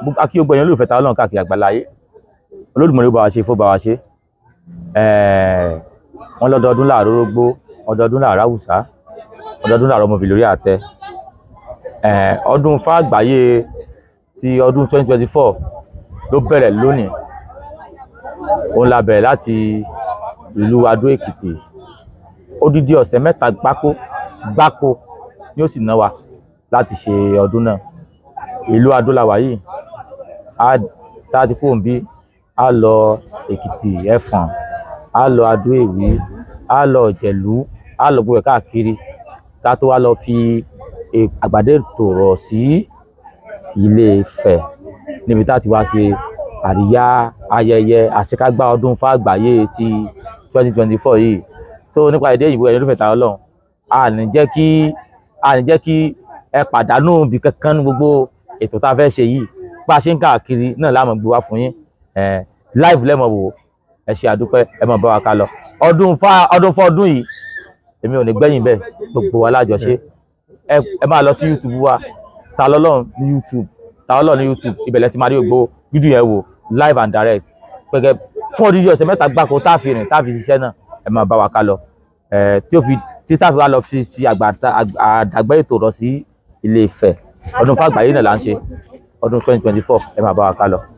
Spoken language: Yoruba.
a o ogbẹ̀yìn olùfẹ́ ta ọlọ́run káàkiri àgbáláyé olódùmọ̀lẹ́ bá wa ṣe fó bá wa ṣe wọn lọ́dọọdún láàárọ̀ rógbó ọdọọdún láàárọ̀ àwùsá ọdọọdún láàárọ̀ ọmọbìnrin lórí àtẹ ọdún fáàgbáyé ti ọdún 2024 ló bẹ̀rẹ̀ lónìí òun la bẹ̀rẹ̀ láti ìlú adó èkìtì odidi ọ̀sẹ̀ mẹ́ta gbáko gbáko ni ó sì ná wa láti ṣe ọdún náà ìlú adó la wà yìí tá a ti kó nbí a lọ èkìtì ẹfọ̀n a lọ adó a lọ ìjẹ̀lú a lọ gbogbo ẹ̀ káàkiri ká tó wá lọ fi àgbàdo tòrọ̀ sí ilé Ifẹ̀ níbi tá a ti wá ṣe àríyá ayẹyẹ àṣekágbá ọdún fàgbáyé ti 2024 yìí so nípa èdè ìbò ẹ̀yìn olùfẹ̀ta ọlọ́run a ní jẹ́ kí a ní jẹ́ kí ẹ pàdánù bí kankan gbogbo ètò tá a fẹ́ ṣe yìí bá a ṣe ń káàkiri náà láàmú gbé wá fún yín live lẹ́mọ̀ wò ẹ ṣe àdúpẹ́ ẹ mọ̀ bá wa ká lọ ọdún fa ọdún fún ọdún yìí èmi ò ní gbẹ̀yìn bẹ́ẹ̀ gbogbo wa lájọṣe ẹ máa lọ sí YouTube wa ta lọ́lọ́run ní YouTube ta lọ́lọ́run ní YouTube ìbẹ̀lẹ̀ ti máa rí gbogbo fídíò yẹn wò live and direct pẹ̀kẹ́ fún ọdún yìí ọ̀sẹ̀ mẹ́ta gbáko tá a fi rìn tá a fi ṣiṣẹ́ náà ẹ máa bá wa ká lọ tí ó fi tí tá a fi wá lọ fi ṣe àdàgbẹ́ ètò rọ sí Ilé Ifẹ̀ ọdún fún àgbáyé náà là ń ṣe ọdún 2024 ẹ máa bá wa ká lọ.